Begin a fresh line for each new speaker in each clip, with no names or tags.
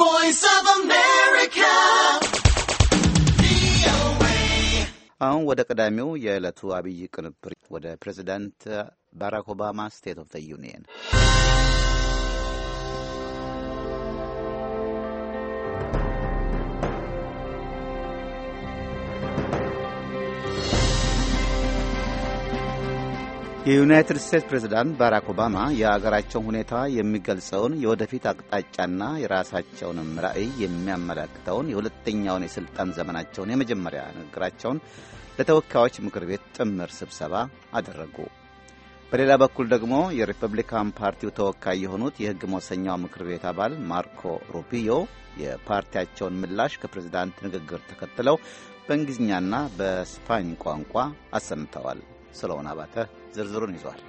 voice of America.
አሁን ወደ ቀዳሚው የዕለቱ አብይ ቅንብር ወደ ፕሬዚዳንት ባራክ ኦባማ ስቴት ኦፍ ዩኒየን የዩናይትድ ስቴትስ ፕሬዝዳንት ባራክ ኦባማ የአገራቸውን ሁኔታ የሚገልጸውን የወደፊት አቅጣጫና የራሳቸውንም ራዕይ የሚያመላክተውን የሁለተኛውን የሥልጣን ዘመናቸውን የመጀመሪያ ንግግራቸውን ለተወካዮች ምክር ቤት ጥምር ስብሰባ አደረጉ። በሌላ በኩል ደግሞ የሪፐብሊካን ፓርቲው ተወካይ የሆኑት የሕግ መወሰኛው ምክር ቤት አባል ማርኮ ሩቢዮ የፓርቲያቸውን ምላሽ ከፕሬዝዳንት ንግግር ተከትለው በእንግሊዝኛና በስፓኝ ቋንቋ አሰምተዋል። ሰለሞን አባተ ዝርዝሩን ይዟል።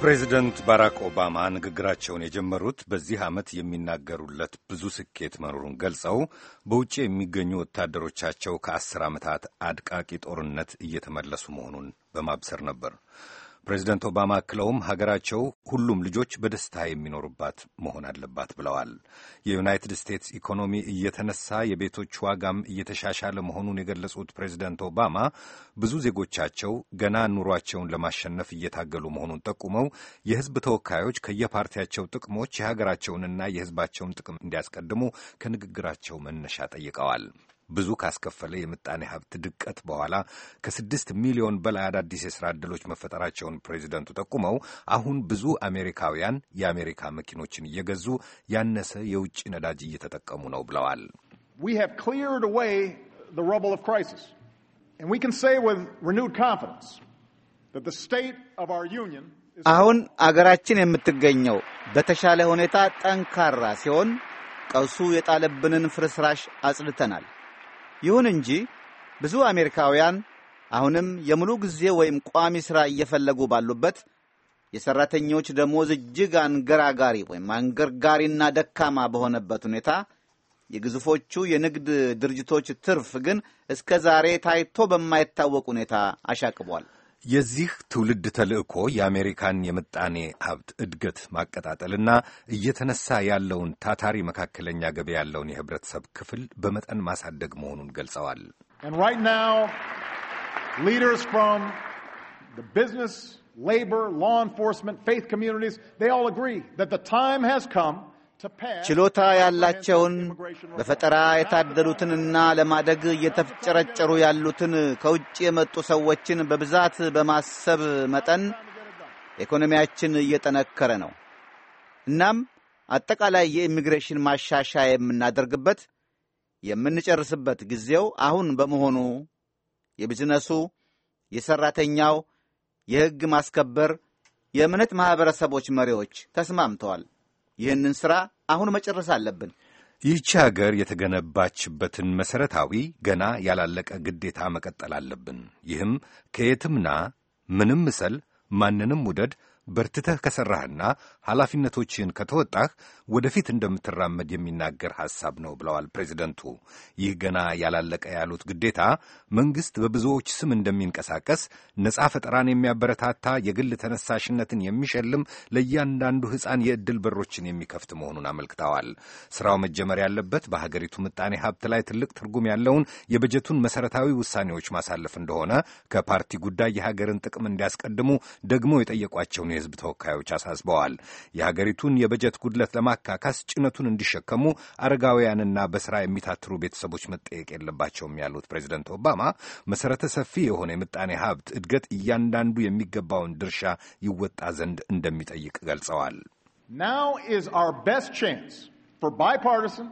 ፕሬዚደንት ባራክ ኦባማ ንግግራቸውን የጀመሩት በዚህ ዓመት የሚናገሩለት ብዙ ስኬት መኖሩን ገልጸው በውጭ የሚገኙ ወታደሮቻቸው ከአስር ዓመታት አድቃቂ ጦርነት እየተመለሱ መሆኑን በማብሰር ነበር። ፕሬዚደንት ኦባማ አክለውም ሀገራቸው ሁሉም ልጆች በደስታ የሚኖሩባት መሆን አለባት ብለዋል። የዩናይትድ ስቴትስ ኢኮኖሚ እየተነሳ የቤቶች ዋጋም እየተሻሻለ መሆኑን የገለጹት ፕሬዚደንት ኦባማ ብዙ ዜጎቻቸው ገና ኑሯቸውን ለማሸነፍ እየታገሉ መሆኑን ጠቁመው የሕዝብ ተወካዮች ከየፓርቲያቸው ጥቅሞች የሀገራቸውንና የሕዝባቸውን ጥቅም እንዲያስቀድሙ ከንግግራቸው መነሻ ጠይቀዋል። ብዙ ካስከፈለ የምጣኔ ሀብት ድቀት በኋላ ከስድስት ሚሊዮን በላይ አዳዲስ የስራ ዕድሎች መፈጠራቸውን ፕሬዚደንቱ ጠቁመው አሁን ብዙ አሜሪካውያን የአሜሪካ መኪኖችን እየገዙ ያነሰ የውጭ ነዳጅ እየተጠቀሙ ነው ብለዋል።
አሁን አገራችን የምትገኘው በተሻለ ሁኔታ ጠንካራ ሲሆን ቀውሱ የጣለብንን ፍርስራሽ አጽድተናል። ይሁን እንጂ ብዙ አሜሪካውያን አሁንም የሙሉ ጊዜ ወይም ቋሚ ሥራ እየፈለጉ ባሉበት የሠራተኞች ደሞዝ እጅግ አንገራጋሪ ወይም አንገርጋሪና ደካማ በሆነበት ሁኔታ የግዙፎቹ የንግድ ድርጅቶች ትርፍ ግን እስከ ዛሬ ታይቶ በማይታወቅ ሁኔታ አሻቅቧል።
የዚህ ትውልድ ተልእኮ የአሜሪካን የምጣኔ ሀብት እድገት ማቀጣጠልና እየተነሳ ያለውን ታታሪ መካከለኛ ገቢ ያለውን የህብረተሰብ ክፍል በመጠን ማሳደግ መሆኑን ገልጸዋል።
ቢዝነስ ሌበር ላ ኢንፎርስመንት ፌዝ ኮሚኒቲስ ኦል አግሪ ታይም ሃዝ
ካም ችሎታ ያላቸውን በፈጠራ የታደሉትንና ለማደግ እየተፍጨረጨሩ ያሉትን ከውጭ የመጡ ሰዎችን በብዛት በማሰብ መጠን ኢኮኖሚያችን እየጠነከረ ነው። እናም አጠቃላይ የኢሚግሬሽን ማሻሻያ የምናደርግበት የምንጨርስበት ጊዜው አሁን በመሆኑ የቢዝነሱ፣ የሠራተኛው፣ የሕግ ማስከበር፣ የእምነት ማኅበረሰቦች መሪዎች ተስማምተዋል። ይህንን ስራ አሁን መጨረስ አለብን።
ይህቺ ሀገር የተገነባችበትን መሠረታዊ ገና ያላለቀ ግዴታ መቀጠል አለብን። ይህም ከየትምና ምንም ምሰል ማንንም ውደድ በርትተህ ከሠራህና ኃላፊነቶችህን ከተወጣህ ወደፊት እንደምትራመድ የሚናገር ሐሳብ ነው ብለዋል ፕሬዚደንቱ። ይህ ገና ያላለቀ ያሉት ግዴታ መንግሥት በብዙዎች ስም እንደሚንቀሳቀስ ነፃ ፈጠራን የሚያበረታታ የግል ተነሳሽነትን የሚሸልም ለእያንዳንዱ ሕፃን የዕድል በሮችን የሚከፍት መሆኑን አመልክተዋል። ሥራው መጀመር ያለበት በሀገሪቱ ምጣኔ ሀብት ላይ ትልቅ ትርጉም ያለውን የበጀቱን መሠረታዊ ውሳኔዎች ማሳለፍ እንደሆነ ከፓርቲ ጉዳይ የሀገርን ጥቅም እንዲያስቀድሙ ደግሞ የጠየቋቸውን የህዝብ ተወካዮች አሳስበዋል። የሀገሪቱን የበጀት ጉድለት ለማካካስ ጭነቱን እንዲሸከሙ አረጋውያንና በስራ የሚታትሩ ቤተሰቦች መጠየቅ የለባቸውም ያሉት ፕሬዚደንት ኦባማ መሰረተ ሰፊ የሆነ የምጣኔ ሀብት እድገት እያንዳንዱ የሚገባውን ድርሻ ይወጣ ዘንድ እንደሚጠይቅ ገልጸዋል።
ናው ኢዝ our ቤስት ቻንስ ፎር bipartisan,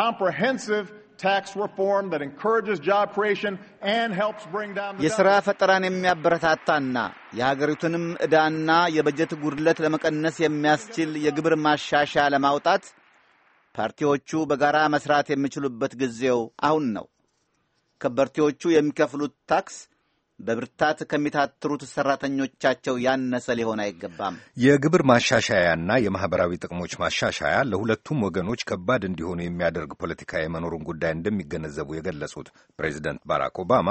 ኮምፕሬሄንሲቭ tax reform that encourages job creation and helps bring down the የሥራ
ፈጠራን የሚያበረታታና የሀገሪቱንም ዕዳና የበጀት ጉድለት ለመቀነስ የሚያስችል የግብር ማሻሻ ለማውጣት ፓርቲዎቹ በጋራ መስራት የሚችሉበት ጊዜው አሁን ነው። ከበርቴዎቹ የሚከፍሉት ታክስ በብርታት ከሚታትሩት ሰራተኞቻቸው ያነሰ ሊሆን አይገባም።
የግብር ማሻሻያና የማህበራዊ ጥቅሞች ማሻሻያ ለሁለቱም ወገኖች ከባድ እንዲሆኑ የሚያደርግ ፖለቲካ የመኖሩን ጉዳይ እንደሚገነዘቡ የገለጹት ፕሬዚደንት ባራክ ኦባማ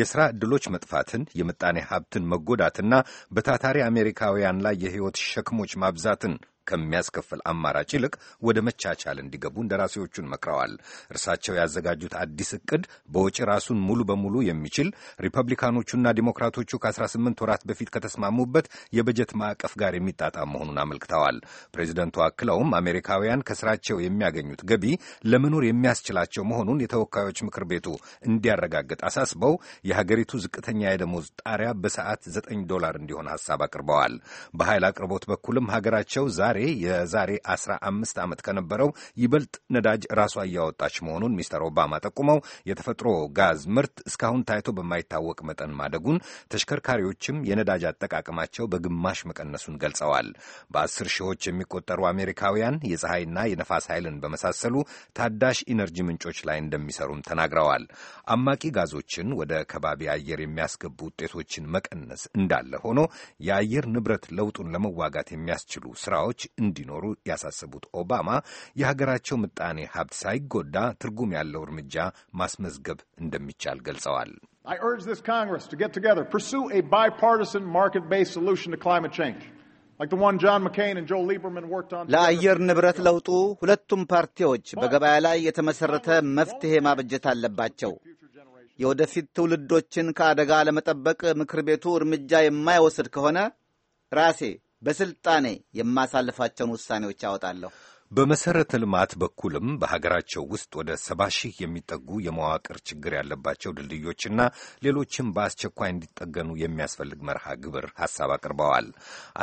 የስራ ዕድሎች መጥፋትን፣ የምጣኔ ሀብትን መጎዳትና በታታሪ አሜሪካውያን ላይ የህይወት ሸክሞች ማብዛትን ከሚያስከፍል አማራጭ ይልቅ ወደ መቻቻል እንዲገቡ እንደራሴዎቹን መክረዋል። እርሳቸው ያዘጋጁት አዲስ እቅድ በወጪ ራሱን ሙሉ በሙሉ የሚችል ሪፐብሊካኖቹና ዲሞክራቶቹ ከ18 ወራት በፊት ከተስማሙበት የበጀት ማዕቀፍ ጋር የሚጣጣም መሆኑን አመልክተዋል። ፕሬዚደንቱ አክለውም አሜሪካውያን ከስራቸው የሚያገኙት ገቢ ለመኖር የሚያስችላቸው መሆኑን የተወካዮች ምክር ቤቱ እንዲያረጋግጥ አሳስበው የሀገሪቱ ዝቅተኛ የደሞዝ ጣሪያ በሰዓት 9 ዶላር እንዲሆን ሀሳብ አቅርበዋል። በኃይል አቅርቦት በኩልም ሀገራቸው ዛ ዛሬ የዛሬ 15 ዓመት ከነበረው ይበልጥ ነዳጅ ራሷ እያወጣች መሆኑን ሚስተር ኦባማ ጠቁመው የተፈጥሮ ጋዝ ምርት እስካሁን ታይቶ በማይታወቅ መጠን ማደጉን፣ ተሽከርካሪዎችም የነዳጅ አጠቃቀማቸው በግማሽ መቀነሱን ገልጸዋል። በአስር ሺዎች የሚቆጠሩ አሜሪካውያን የፀሐይና የነፋስ ኃይልን በመሳሰሉ ታዳሽ ኢነርጂ ምንጮች ላይ እንደሚሰሩም ተናግረዋል። አማቂ ጋዞችን ወደ ከባቢ አየር የሚያስገቡ ውጤቶችን መቀነስ እንዳለ ሆኖ የአየር ንብረት ለውጡን ለመዋጋት የሚያስችሉ ስራዎች እንዲኖሩ ያሳሰቡት ኦባማ የሀገራቸው ምጣኔ ሀብት ሳይጎዳ ትርጉም ያለው እርምጃ ማስመዝገብ እንደሚቻል ገልጸዋል። ለአየር
ንብረት ለውጡ ሁለቱም ፓርቲዎች በገበያ ላይ የተመሠረተ መፍትሔ ማበጀት አለባቸው። የወደፊት ትውልዶችን ከአደጋ ለመጠበቅ ምክር ቤቱ እርምጃ የማይወስድ ከሆነ ራሴ በስልጣኔ የማሳልፋቸውን ውሳኔዎች አወጣለሁ።
በመሰረተ ልማት በኩልም በሀገራቸው ውስጥ ወደ ሰባ ሺህ የሚጠጉ የመዋቅር ችግር ያለባቸው ድልድዮችና ሌሎችም በአስቸኳይ እንዲጠገኑ የሚያስፈልግ መርሃ ግብር ሐሳብ አቅርበዋል።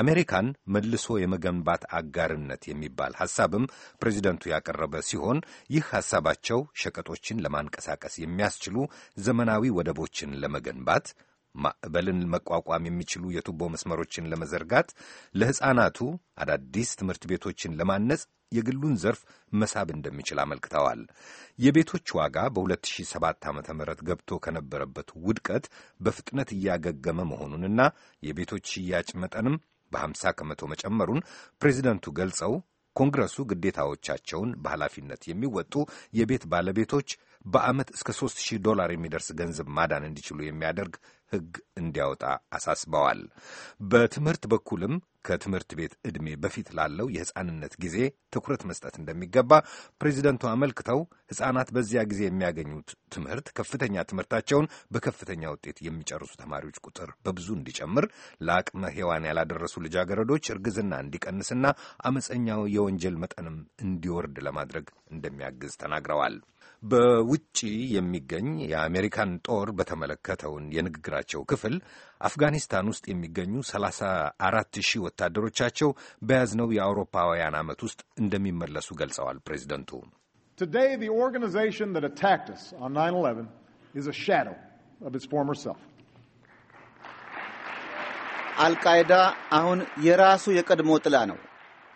አሜሪካን መልሶ የመገንባት አጋርነት የሚባል ሐሳብም ፕሬዚደንቱ ያቀረበ ሲሆን ይህ ሐሳባቸው ሸቀጦችን ለማንቀሳቀስ የሚያስችሉ ዘመናዊ ወደቦችን ለመገንባት ማዕበልን መቋቋም የሚችሉ የቱቦ መስመሮችን ለመዘርጋት፣ ለሕፃናቱ አዳዲስ ትምህርት ቤቶችን ለማነጽ የግሉን ዘርፍ መሳብ እንደሚችል አመልክተዋል። የቤቶች ዋጋ በ2007 ዓ ም ገብቶ ከነበረበት ውድቀት በፍጥነት እያገገመ መሆኑንና የቤቶች ሽያጭ መጠንም በ50 ከመቶ መጨመሩን ፕሬዚደንቱ ገልጸው ኮንግረሱ ግዴታዎቻቸውን በኃላፊነት የሚወጡ የቤት ባለቤቶች በዓመት እስከ 3 ሺህ ዶላር የሚደርስ ገንዘብ ማዳን እንዲችሉ የሚያደርግ ሕግ እንዲያወጣ አሳስበዋል። በትምህርት በኩልም ከትምህርት ቤት ዕድሜ በፊት ላለው የሕፃንነት ጊዜ ትኩረት መስጠት እንደሚገባ ፕሬዚደንቱ አመልክተው ሕፃናት በዚያ ጊዜ የሚያገኙት ትምህርት ከፍተኛ ትምህርታቸውን በከፍተኛ ውጤት የሚጨርሱ ተማሪዎች ቁጥር በብዙ እንዲጨምር፣ ለአቅመ ሔዋን ያላደረሱ ልጃገረዶች እርግዝና እንዲቀንስና አመፀኛው የወንጀል መጠንም እንዲወርድ ለማድረግ እንደሚያግዝ ተናግረዋል። በውጪ የሚገኝ የአሜሪካን ጦር በተመለከተውን የንግግራቸው ክፍል አፍጋኒስታን ውስጥ የሚገኙ ሰላሳ አራት ሺህ ወታደሮቻቸው በያዝነው የአውሮፓውያን ዓመት ውስጥ እንደሚመለሱ ገልጸዋል ፕሬዚደንቱ።
Today, the organization that attacked us on 9-11 is a shadow of its former self.
አልቃይዳ አሁን የራሱ የቀድሞ ጥላ ነው።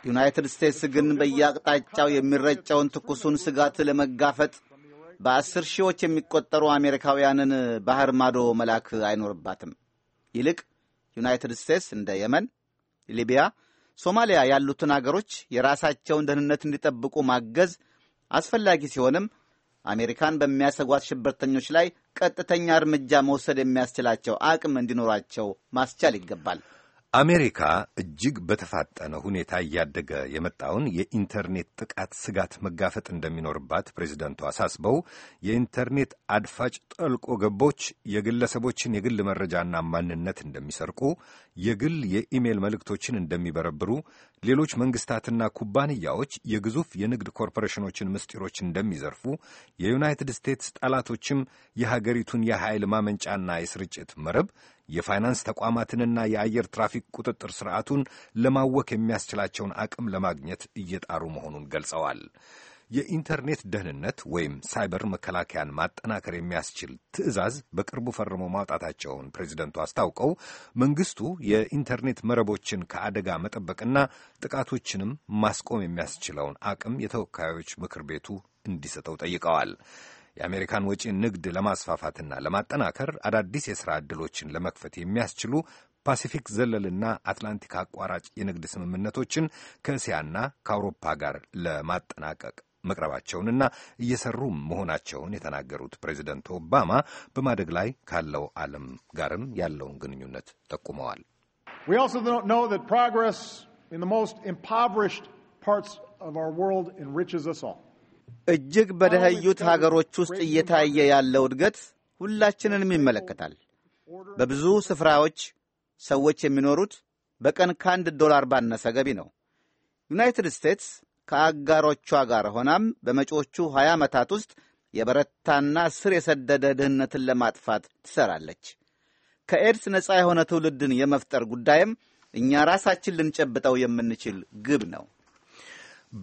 ዩናይትድ ስቴትስ ግን በየአቅጣጫው የሚረጨውን ትኩሱን ስጋት ለመጋፈጥ በአስር ሺዎች የሚቆጠሩ አሜሪካውያንን ባህር ማዶ መላክ አይኖርባትም። ይልቅ ዩናይትድ ስቴትስ እንደ የመን፣ ሊቢያ፣ ሶማሊያ ያሉትን አገሮች የራሳቸውን ደህንነት እንዲጠብቁ ማገዝ አስፈላጊ ሲሆንም አሜሪካን በሚያሰጓት ሽብርተኞች ላይ ቀጥተኛ እርምጃ መውሰድ የሚያስችላቸው አቅም እንዲኖራቸው ማስቻል
ይገባል። አሜሪካ እጅግ በተፋጠነ ሁኔታ እያደገ የመጣውን የኢንተርኔት ጥቃት ስጋት መጋፈጥ እንደሚኖርባት ፕሬዚደንቱ አሳስበው የኢንተርኔት አድፋጭ ጠልቆ ገቦች የግለሰቦችን የግል መረጃና ማንነት እንደሚሰርቁ የግል የኢሜል መልእክቶችን እንደሚበረብሩ፣ ሌሎች መንግስታትና ኩባንያዎች የግዙፍ የንግድ ኮርፖሬሽኖችን ምስጢሮች እንደሚዘርፉ፣ የዩናይትድ ስቴትስ ጠላቶችም የሀገሪቱን የኃይል ማመንጫና የስርጭት መረብ የፋይናንስ ተቋማትንና የአየር ትራፊክ ቁጥጥር ስርዓቱን ለማወክ የሚያስችላቸውን አቅም ለማግኘት እየጣሩ መሆኑን ገልጸዋል። የኢንተርኔት ደህንነት ወይም ሳይበር መከላከያን ማጠናከር የሚያስችል ትዕዛዝ በቅርቡ ፈርሞ ማውጣታቸውን ፕሬዚደንቱ አስታውቀው መንግስቱ የኢንተርኔት መረቦችን ከአደጋ መጠበቅና ጥቃቶችንም ማስቆም የሚያስችለውን አቅም የተወካዮች ምክር ቤቱ እንዲሰጠው ጠይቀዋል። የአሜሪካን ወጪ ንግድ ለማስፋፋትና ለማጠናከር አዳዲስ የሥራ ዕድሎችን ለመክፈት የሚያስችሉ ፓሲፊክ ዘለልና አትላንቲክ አቋራጭ የንግድ ስምምነቶችን ከእስያና ከአውሮፓ ጋር ለማጠናቀቅ መቅረባቸውንና እየሰሩ መሆናቸውን የተናገሩት ፕሬዚደንት ኦባማ በማደግ ላይ ካለው ዓለም ጋርም ያለውን ግንኙነት ጠቁመዋል።
እጅግ በደህዩት ሀገሮች ውስጥ እየታየ ያለው እድገት ሁላችንንም ይመለከታል። በብዙ ስፍራዎች ሰዎች የሚኖሩት በቀን ከአንድ ዶላር ባነሰ ገቢ ነው። ዩናይትድ ስቴትስ ከአጋሮቿ ጋር ሆናም በመጪዎቹ 20 ዓመታት ውስጥ የበረታና ስር የሰደደ ድህነትን ለማጥፋት ትሠራለች። ከኤድስ ነፃ የሆነ ትውልድን የመፍጠር ጉዳይም እኛ ራሳችን ልንጨብጠው የምንችል ግብ ነው።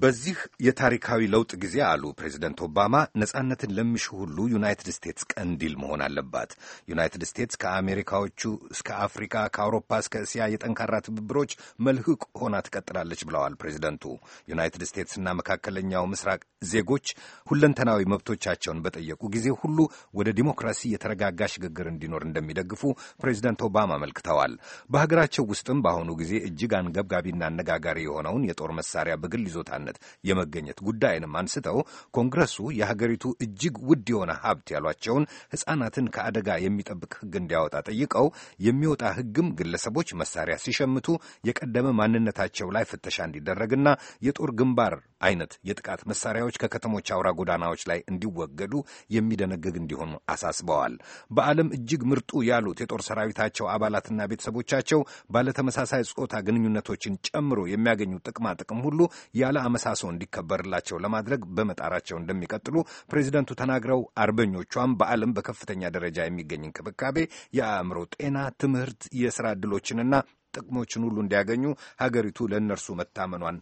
በዚህ የታሪካዊ ለውጥ ጊዜ አሉ ፕሬዚደንት ኦባማ፣ ነጻነትን ለሚሹ ሁሉ ዩናይትድ ስቴትስ ቀንዲል መሆን አለባት። ዩናይትድ ስቴትስ ከአሜሪካዎቹ እስከ አፍሪካ፣ ከአውሮፓ እስከ እስያ የጠንካራ ትብብሮች መልህቅ ሆና ትቀጥላለች ብለዋል ፕሬዚደንቱ። ዩናይትድ ስቴትስና መካከለኛው ምስራቅ ዜጎች ሁለንተናዊ መብቶቻቸውን በጠየቁ ጊዜ ሁሉ ወደ ዲሞክራሲ የተረጋጋ ሽግግር እንዲኖር እንደሚደግፉ ፕሬዚደንት ኦባማ አመልክተዋል። በሀገራቸው ውስጥም በአሁኑ ጊዜ እጅግ አንገብጋቢና አነጋጋሪ የሆነውን የጦር መሳሪያ በግል ይዞታ ነጻነት የመገኘት ጉዳይንም አንስተው ኮንግረሱ የሀገሪቱ እጅግ ውድ የሆነ ሀብት ያሏቸውን ሕፃናትን ከአደጋ የሚጠብቅ ሕግ እንዲያወጣ ጠይቀው የሚወጣ ሕግም ግለሰቦች መሳሪያ ሲሸምቱ የቀደመ ማንነታቸው ላይ ፍተሻ እንዲደረግና የጦር ግንባር አይነት የጥቃት መሳሪያዎች ከከተሞች አውራ ጎዳናዎች ላይ እንዲወገዱ የሚደነግግ እንዲሆኑ አሳስበዋል። በዓለም እጅግ ምርጡ ያሉት የጦር ሰራዊታቸው አባላትና ቤተሰቦቻቸው ባለተመሳሳይ ጾታ ግንኙነቶችን ጨምሮ የሚያገኙ ጥቅማ ጥቅም ሁሉ ያለ አመሳሶ እንዲከበርላቸው ለማድረግ በመጣራቸው እንደሚቀጥሉ ፕሬዚደንቱ ተናግረው አርበኞቿም በዓለም በከፍተኛ ደረጃ የሚገኝ እንክብካቤ፣ የአእምሮ ጤና፣ ትምህርት፣ የስራ ዕድሎችንና ጥቅሞችን ሁሉ እንዲያገኙ ሀገሪቱ ለእነርሱ መታመኗን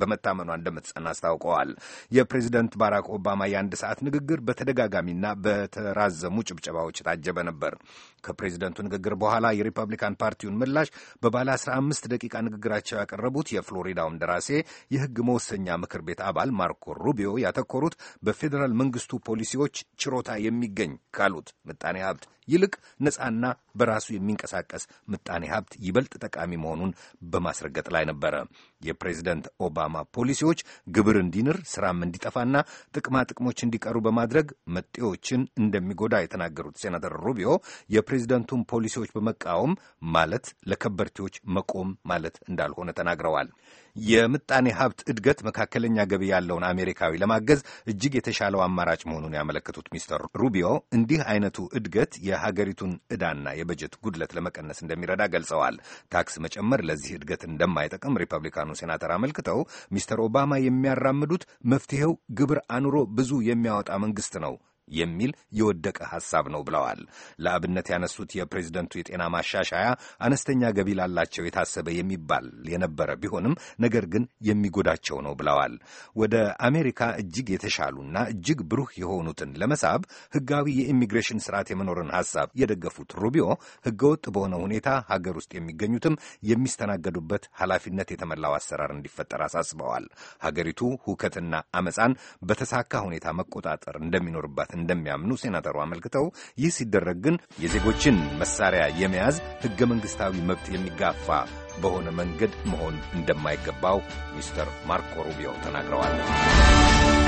በመታመኗ እንደምትጸና አስታውቀዋል። የፕሬዚደንት ባራክ ኦባማ የአንድ ሰዓት ንግግር በተደጋጋሚና በተራዘሙ ጭብጨባዎች የታጀበ ነበር። ከፕሬዚደንቱ ንግግር በኋላ የሪፐብሊካን ፓርቲውን ምላሽ በባለ 15 ደቂቃ ንግግራቸው ያቀረቡት የፍሎሪዳው እንደራሴ የህግ መወሰኛ ምክር ቤት አባል ማርኮ ሩቢዮ ያተኮሩት በፌዴራል መንግስቱ ፖሊሲዎች ችሮታ የሚገኝ ካሉት ምጣኔ ሀብት ይልቅ ነፃና በራሱ የሚንቀሳቀስ ምጣኔ ሀብት ይበልጥ ጠቃሚ መሆኑን በማስረገጥ ላይ ነበረ። የፕሬዚደንት ኦባማ ፖሊሲዎች ግብር እንዲንር፣ ስራም እንዲጠፋና ጥቅማ ጥቅሞች እንዲቀሩ በማድረግ መጤዎችን እንደሚጎዳ የተናገሩት ሴናተር ሩቢዮ የፕሬዚደንቱን ፖሊሲዎች በመቃወም ማለት ለከበርቴዎች መቆም ማለት እንዳልሆነ ተናግረዋል። የምጣኔ ሀብት እድገት መካከለኛ ገቢ ያለውን አሜሪካዊ ለማገዝ እጅግ የተሻለው አማራጭ መሆኑን ያመለከቱት ሚስተር ሩቢዮ እንዲህ አይነቱ እድገት የሀገሪቱን ዕዳና የበጀት ጉድለት ለመቀነስ እንደሚረዳ ገልጸዋል። ታክስ መጨመር ለዚህ እድገት እንደማይጠቅም ሪፐብሊካኑ ሴናተር አመልክተው ሚስተር ኦባማ የሚያራምዱት መፍትሄው ግብር አኑሮ ብዙ የሚያወጣ መንግስት ነው የሚል የወደቀ ሐሳብ ነው ብለዋል። ለአብነት ያነሱት የፕሬዝደንቱ የጤና ማሻሻያ አነስተኛ ገቢ ላላቸው የታሰበ የሚባል የነበረ ቢሆንም ነገር ግን የሚጎዳቸው ነው ብለዋል። ወደ አሜሪካ እጅግ የተሻሉና እጅግ ብሩህ የሆኑትን ለመሳብ ሕጋዊ የኢሚግሬሽን ስርዓት የመኖርን ሐሳብ የደገፉት ሩቢዮ ሕገወጥ በሆነ ሁኔታ ሀገር ውስጥ የሚገኙትም የሚስተናገዱበት ኃላፊነት የተመላው አሰራር እንዲፈጠር አሳስበዋል። ሀገሪቱ ሁከትና አመፃን በተሳካ ሁኔታ መቆጣጠር እንደሚኖርባት እንደሚያምኑ ሴናተሩ አመልክተው ይህ ሲደረግ ግን የዜጎችን መሳሪያ የመያዝ ሕገ መንግሥታዊ መብት የሚጋፋ በሆነ መንገድ መሆን እንደማይገባው ሚስተር ማርኮ ሩቢዮ ተናግረዋል።